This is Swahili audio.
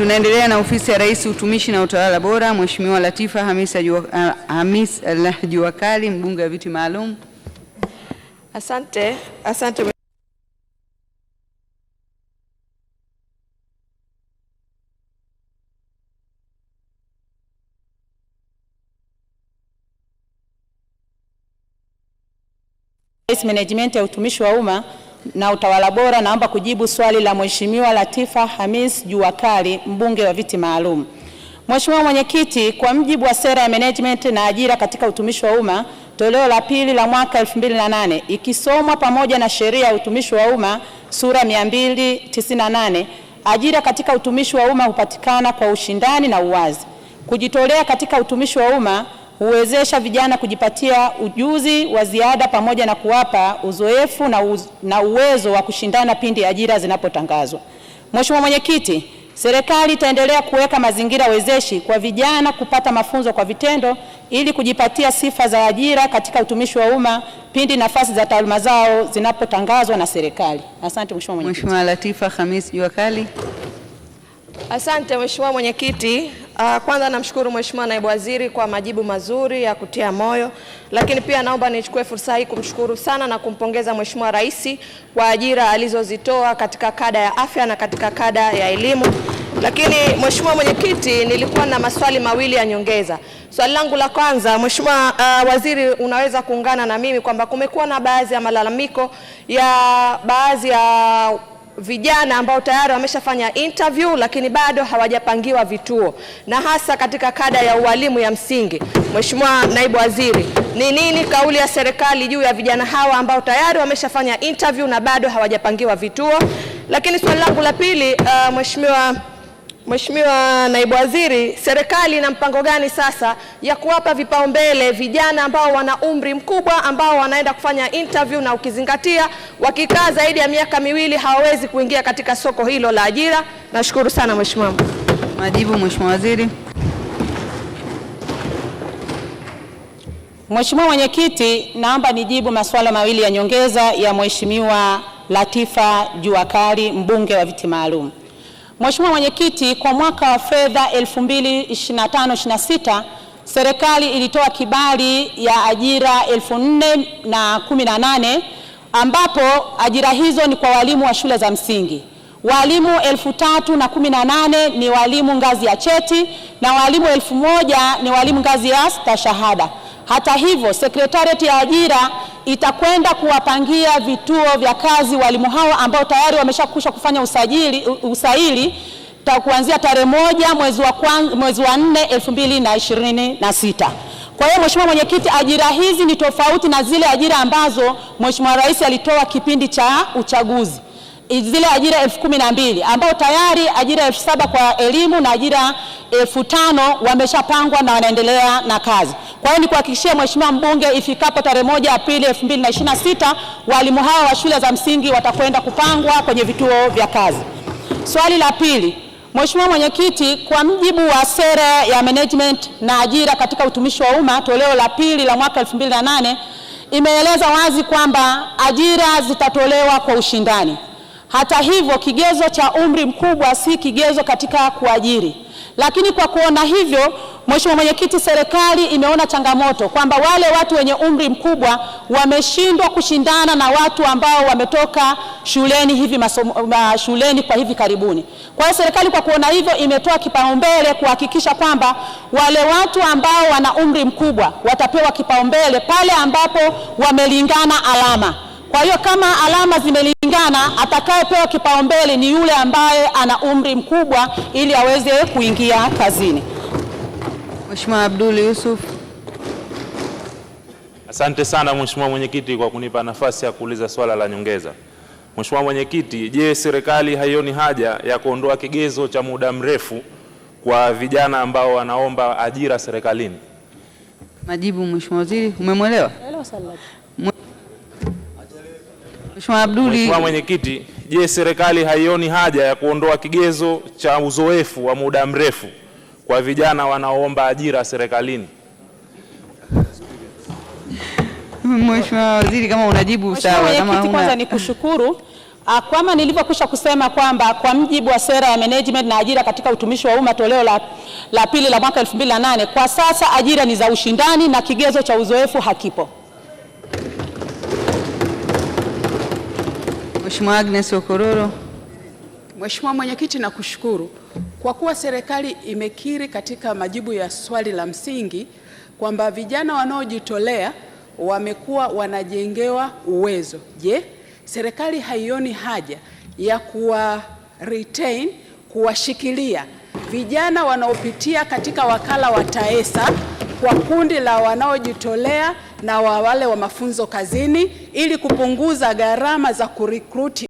Tunaendelea na ofisi ya Rais utumishi na utawala bora, Mheshimiwa Latifa Hamis uh, Juakali, mbunge wa viti maalum. Asante, asante. Management ya utumishi wa umma na utawala bora, naomba kujibu swali la Mheshimiwa Latifa Hamis Juakali, mbunge wa viti maalum. Mheshimiwa Mwenyekiti, kwa mjibu wa sera ya management na ajira katika utumishi wa umma toleo la pili la mwaka 2008 ikisomwa pamoja na sheria ya utumishi wa umma sura 298, ajira katika utumishi wa umma hupatikana kwa ushindani na uwazi. Kujitolea katika utumishi wa umma huwezesha vijana kujipatia ujuzi wa ziada pamoja na kuwapa uzoefu na, uz, na uwezo wa kushindana pindi ajira zinapotangazwa. Mheshimiwa Mwenyekiti, serikali itaendelea kuweka mazingira wezeshi kwa vijana kupata mafunzo kwa vitendo ili kujipatia sifa za ajira katika utumishi wa umma pindi nafasi za taaluma zao zinapotangazwa na serikali. Asante Mheshimiwa Mwenyekiti. Mheshimiwa Latifa Khamis Juakali. Asante Mheshimiwa Mwenyekiti. Ah, kwanza namshukuru Mheshimiwa Naibu Waziri kwa majibu mazuri ya kutia moyo, lakini pia naomba nichukue fursa hii kumshukuru sana na kumpongeza Mheshimiwa Rais kwa ajira alizozitoa katika kada ya afya na katika kada ya elimu. Lakini Mheshimiwa Mwenyekiti, nilikuwa na maswali mawili ya nyongeza. Swali langu la kwanza, Mheshimiwa uh, Waziri, unaweza kuungana na mimi kwamba kumekuwa na baadhi ya malalamiko ya baadhi ya vijana ambao tayari wameshafanya interview lakini bado hawajapangiwa vituo na hasa katika kada ya ualimu ya msingi. Mheshimiwa Naibu Waziri, ni nini kauli ya serikali juu ya vijana hawa ambao tayari wameshafanya interview na bado hawajapangiwa vituo? Lakini swali langu la pili, uh, Mheshimiwa Mheshimiwa Naibu Waziri, serikali ina mpango gani sasa ya kuwapa vipaumbele vijana ambao wana umri mkubwa ambao wanaenda kufanya interview, na ukizingatia wakikaa zaidi ya miaka miwili hawawezi kuingia katika soko hilo la ajira? Nashukuru sana Mheshimiwa. Majibu Mheshimiwa Waziri. Mheshimiwa Mwenyekiti, naomba nijibu masuala mawili ya nyongeza ya Mheshimiwa Latifa Juakali, mbunge wa viti maalum. Mheshimiwa Mwenyekiti, kwa mwaka wa fedha 2025/26 serikali ilitoa kibali ya ajira 4018 ambapo ajira hizo ni kwa walimu wa shule za msingi. Walimu 3018 ni walimu ngazi ya cheti na walimu 1000 ni walimu ngazi ya stashahada. Hata hivyo, sekretarieti ya ajira itakwenda kuwapangia vituo vya kazi walimu hawa ambao tayari wameshakwisha kufanya usajili, usaili ta kuanzia tarehe moja mwezi wa kwanza, mwezi wa nne elfu mbili na ishirini na sita. Kwa hiyo Mheshimiwa Mwenyekiti, ajira hizi ni tofauti na zile ajira ambazo Mheshimiwa Rais alitoa kipindi cha uchaguzi zile ajira elfu kumi na mbili ambao tayari ajira elfu saba kwa elimu na ajira elfu tano wameshapangwa na wanaendelea na kazi. Kwa hiyo kuhakikishia Mheshimiwa mbunge, ifikapo tarehe moja Aprili 2026 walimu hawa wa shule za msingi watakwenda kupangwa kwenye vituo vya kazi. Swali la pili, Mheshimiwa Mwenyekiti, kwa mjibu wa sera ya management na ajira katika utumishi wa umma toleo la pili la mwaka 2008 imeeleza wazi kwamba ajira zitatolewa kwa ushindani. Hata hivyo, kigezo cha umri mkubwa si kigezo katika kuajiri, lakini kwa kuona hivyo Mheshimiwa Mwenyekiti, serikali imeona changamoto kwamba wale watu wenye umri mkubwa wameshindwa kushindana na watu ambao wametoka shuleni hivi masomo, shuleni kwa hivi karibuni. Kwa hiyo serikali kwa kuona hivyo imetoa kipaumbele kuhakikisha kwamba wale watu ambao wana umri mkubwa watapewa kipaumbele pale ambapo wamelingana alama. Kwa hiyo kama alama zimelingana, atakayepewa kipaumbele ni yule ambaye ana umri mkubwa ili aweze kuingia kazini. Mheshimiwa Abdul Yusuf. Asante sana Mheshimiwa Mwenyekiti kwa kunipa nafasi ya kuuliza swala la nyongeza. Mheshimiwa Mwenyekiti, je, serikali haioni haja ya kuondoa kigezo cha muda mrefu kwa vijana ambao wanaomba ajira serikalini? Majibu Mheshimiwa Waziri, umemwelewa? Mheshimiwa Abdul. Mheshimiwa Mwenyekiti, je, serikali haioni haja ya kuondoa kigezo cha uzoefu wa muda mrefu kwa vijana wanaoomba ajira serikalini? Mheshimiwa Waziri, kama unajibu sawa. Mwenyekiti, kwanza ni kushukuru ah, kama nilivyokwisha kusema kwamba kwa mjibu wa sera ya management na ajira katika utumishi wa umma toleo la, la pili la mwaka 2008 kwa sasa ajira ni za ushindani na kigezo cha uzoefu hakipo. Mheshimiwa Agnes Okororo. Mheshimiwa Mwenyekiti, nakushukuru kwa kuwa serikali imekiri katika majibu ya swali la msingi kwamba vijana wanaojitolea wamekuwa wanajengewa uwezo. Je, serikali haioni haja ya kuwa retain, kuwashikilia vijana wanaopitia katika wakala wa TAESA kwa kundi la wanaojitolea na wa wale wa mafunzo kazini ili kupunguza gharama za kurikruti